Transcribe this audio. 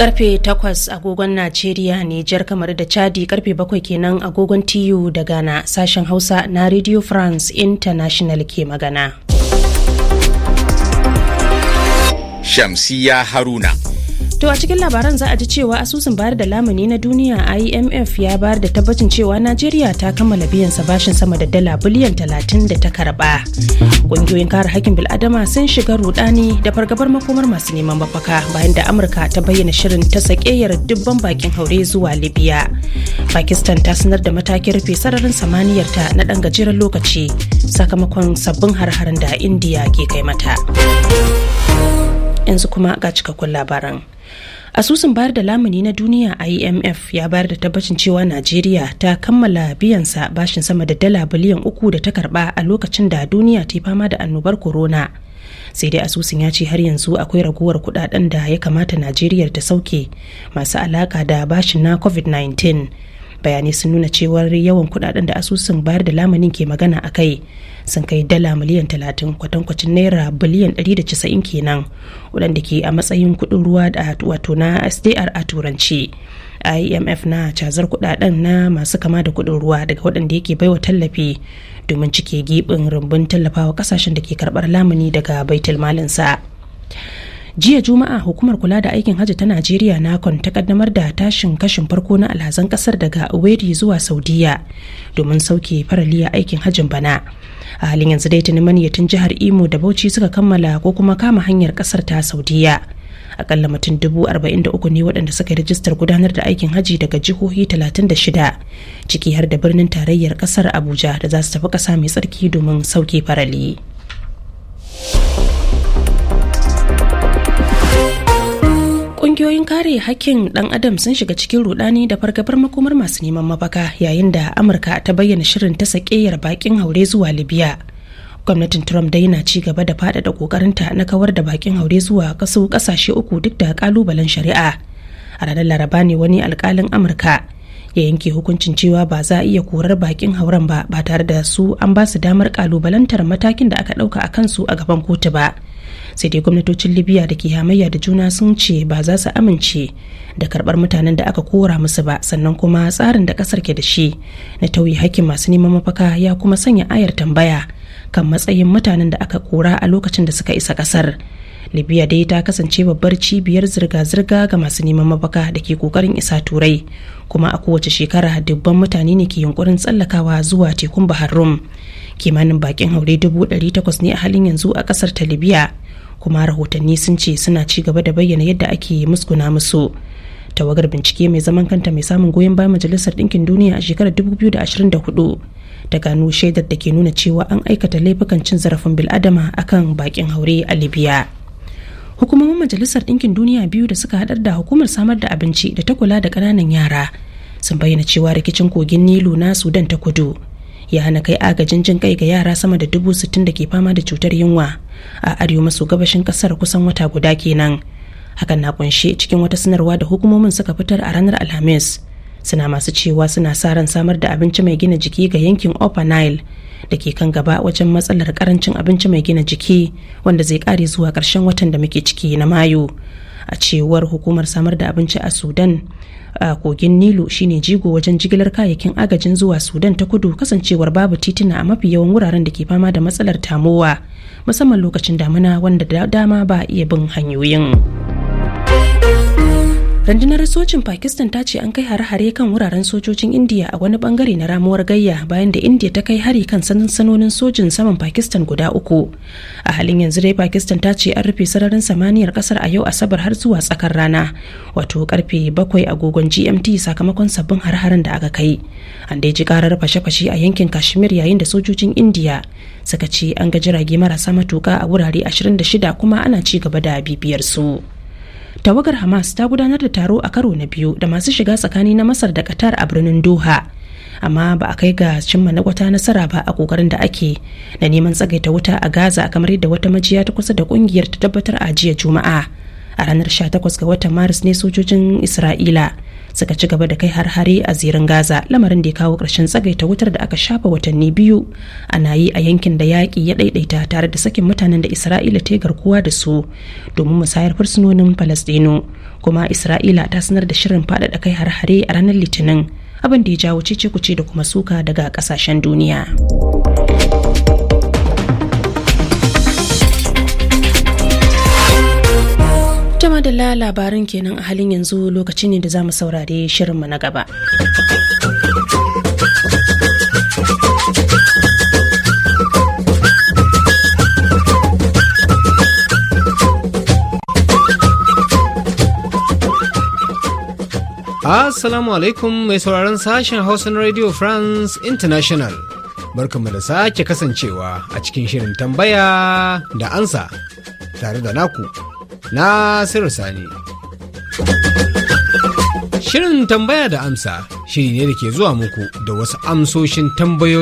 karfe takwas agogon najeriya nijar kamar da chadi karfe bakwai kenan agogon tiyu da ghana sashen hausa na radio france international ke magana shamsiya haruna To a cikin labaran za a ji cewa asusun bayar da lamuni na duniya IMF ya bayar da tabbacin cewa Najeriya ta kammala biyan sa bashin sama da dala biliyan talatin da ta karba. Ƙungiyoyin kare hakkin bil'adama sun shiga rudani da fargabar makomar masu neman mafaka bayan da Amurka ta bayyana shirin ta sakeyar dubban bakin haure zuwa Libya. Pakistan ta sanar da matakin rufe sararin samaniyar ta na ɗan gajeren lokaci sakamakon sabbin har-haren da Indiya ke kai mata. Yanzu kuma ga cikakkun labaran. asusun bayar da lamuni na duniya imf ya bayar da tabbacin cewa najeriya ta kammala biyan sa bashin sama da dala biliyan uku da ta karba a lokacin da duniya ta fama da annobar corona sai dai asusun ya ce har yanzu akwai raguwar kudaden da ya kamata najeriya ta sauke masu alaka da bashin na covid-19 bayanai sun nuna cewar yawan kudaden da asusun bayar da lamanin ke magana a kai sun kai dala miliyan 30 kwatankwacin naira biliyan 190 kenan waɗanda ke a matsayin kudin ruwa da wato na sdr a turanci imf e na cazar kudaden na masu kama da kudin ruwa daga waɗanda yake baiwa tallafi domin cike gibin rumbun tallafawa kasashen da ke karɓar lamuni daga baitul malinsa. sa jiya juma'a hukumar kula da aikin hajji ta najeriya nakon ta kaddamar da tashin kashin farko na alhazan kasar daga uweri zuwa saudiya domin sauke faraliya aikin hajjin bana a halin yanzu dai tuni maniyatin jihar imo da bauchi suka kammala ko kuma kama hanyar kasar ta saudiya akalla mutum dubu arba'in da uku ne waɗanda suka yi rajistar gudanar da aikin hajji daga jihohi talatin da shida ciki har da birnin tarayyar kasar abuja da za su tafi ƙasa mai tsarki domin sauke farali. kungiyoyin kare hakkin ɗan adam sun shiga cikin rudani da fargabar makomar masu neman mafaka yayin da Amurka ta bayyana shirin ta sakeyar bakin haure zuwa Libya. Gwamnatin Trump dai na ci gaba da faɗaɗa ƙoƙarinta na kawar da bakin haure zuwa kaso ƙasashe uku duk da ƙalubalen shari'a. A ranar Laraba ne wani alƙalin Amurka ya yanke hukuncin cewa ba za a iya korar bakin hauren ba ba tare da su an ba su damar kalubalantar matakin da aka ɗauka a kansu a gaban kotu ba sai dai gwamnatocin libya da ke hamayya da juna sun ce ba za su amince da karbar mutanen da aka kora musu ba sannan kuma tsarin da kasar ke da shi na tauye hakkin masu neman mafaka ya kuma sanya ayar tambaya kan matsayin mutanen da aka kora a lokacin da suka isa kasar libya dai ta kasance babbar cibiyar zirga-zirga ga masu neman mafaka da ke kokarin isa turai kuma a kowace shekara dubban mutane ne ke yunkurin tsallakawa zuwa tekun bahar rum kimanin bakin haure 800 ne a halin yanzu a kasar ta libya kuma rahotanni sun ce suna ci gaba da bayyana yadda ake musguna musu tawagar bincike mai zaman kanta mai samun goyon bayan majalisar ɗinkin duniya a shekarar 2024 ta gano shaidar da ke nuna cewa an aikata laifukan cin zarafin bil'adama a kan bakin haure a libya hukumomin majalisar ɗinkin duniya biyu da suka haɗar da hukumar samar da abinci da ta kula da ƙananan yara sun bayyana cewa rikicin kogin nilu na sudan ta kudu ya hana kai agajin jin kai ga yara sama da dubu sittin da ke fama da cutar yunwa a arewa maso gabashin kasar kusan wata guda kenan hakan na kunshe cikin wata sanarwa da hukumomin suka fitar a ranar alhamis suna masu cewa suna sa ran samar da abinci mai gina jiki ga yankin upper nile da ke kan gaba wajen matsalar karancin abinci mai gina jiki wanda zai kare zuwa ƙarshen watan da muke ciki na mayu a cewar hukumar samar da abinci a sudan a kogin nilu shine jigo wajen jigilar kayayyakin agajin zuwa sudan ta kudu kasancewar babu tituna a mafi yawan wuraren da ke fama da matsalar tamowa musamman lokacin damuna wanda dama ba iya bin hanyoyin. rundunar sojin pakistan ta ce an kai hare-hare kan wuraren sojojin india a wani bangare na ramuwar gayya bayan da india ta kai hari kan sansanonin sojin saman pakistan guda uku a halin yanzu dai pakistan ta ce an rufe sararin samaniyar kasar a yau asabar har zuwa tsakar rana wato karfe bakwai agogon gmt sakamakon sabbin har-haren da aka kai an dai ji karar fashe-fashe a yankin kashmir yayin da sojojin india suka ce an ga jirage marasa matuka a wurare 26 kuma ana ci gaba da bibiyar su. tawagar hamas ta gudanar da taro a karo na biyu da masu shiga tsakani na masar da qatar a birnin doha amma ba a kai ga cimma na wata nasara ba a kokarin da ake na neman tsagaita wuta a gaza kamar yadda wata majiya ta kusa da kungiyar ta tabbatar a jiya juma'a a ranar 18 ga watan maris ne sojojin isra'ila suka ci gaba da kai har-hare a zirin gaza lamarin da ya kawo ƙarshen tsagaita wutar da aka shafa watanni biyu ana yi a yankin da yaƙi ya ɗaiɗaita tare da sakin mutanen da isra'ila ta garkuwa da su domin musayar fursunonin falastino kuma isra'ila ta sanar da shirin faɗaɗa kai har-hare a ranar litinin abin da ya jawo cece kuce da kuma suka daga ƙasashen duniya. madalla labarin kenan a halin yanzu lokaci ne da za mu saurare mu na gaba. Assalamu alaikum mai sauraron sashen Hausan Radio France International. mu da sake kasancewa a cikin shirin tambaya da ansa tare da naku na Nasiru Sani. Shirin tambaya da amsa shiri ne da ke zuwa muku da wasu amsoshin tambayoyi.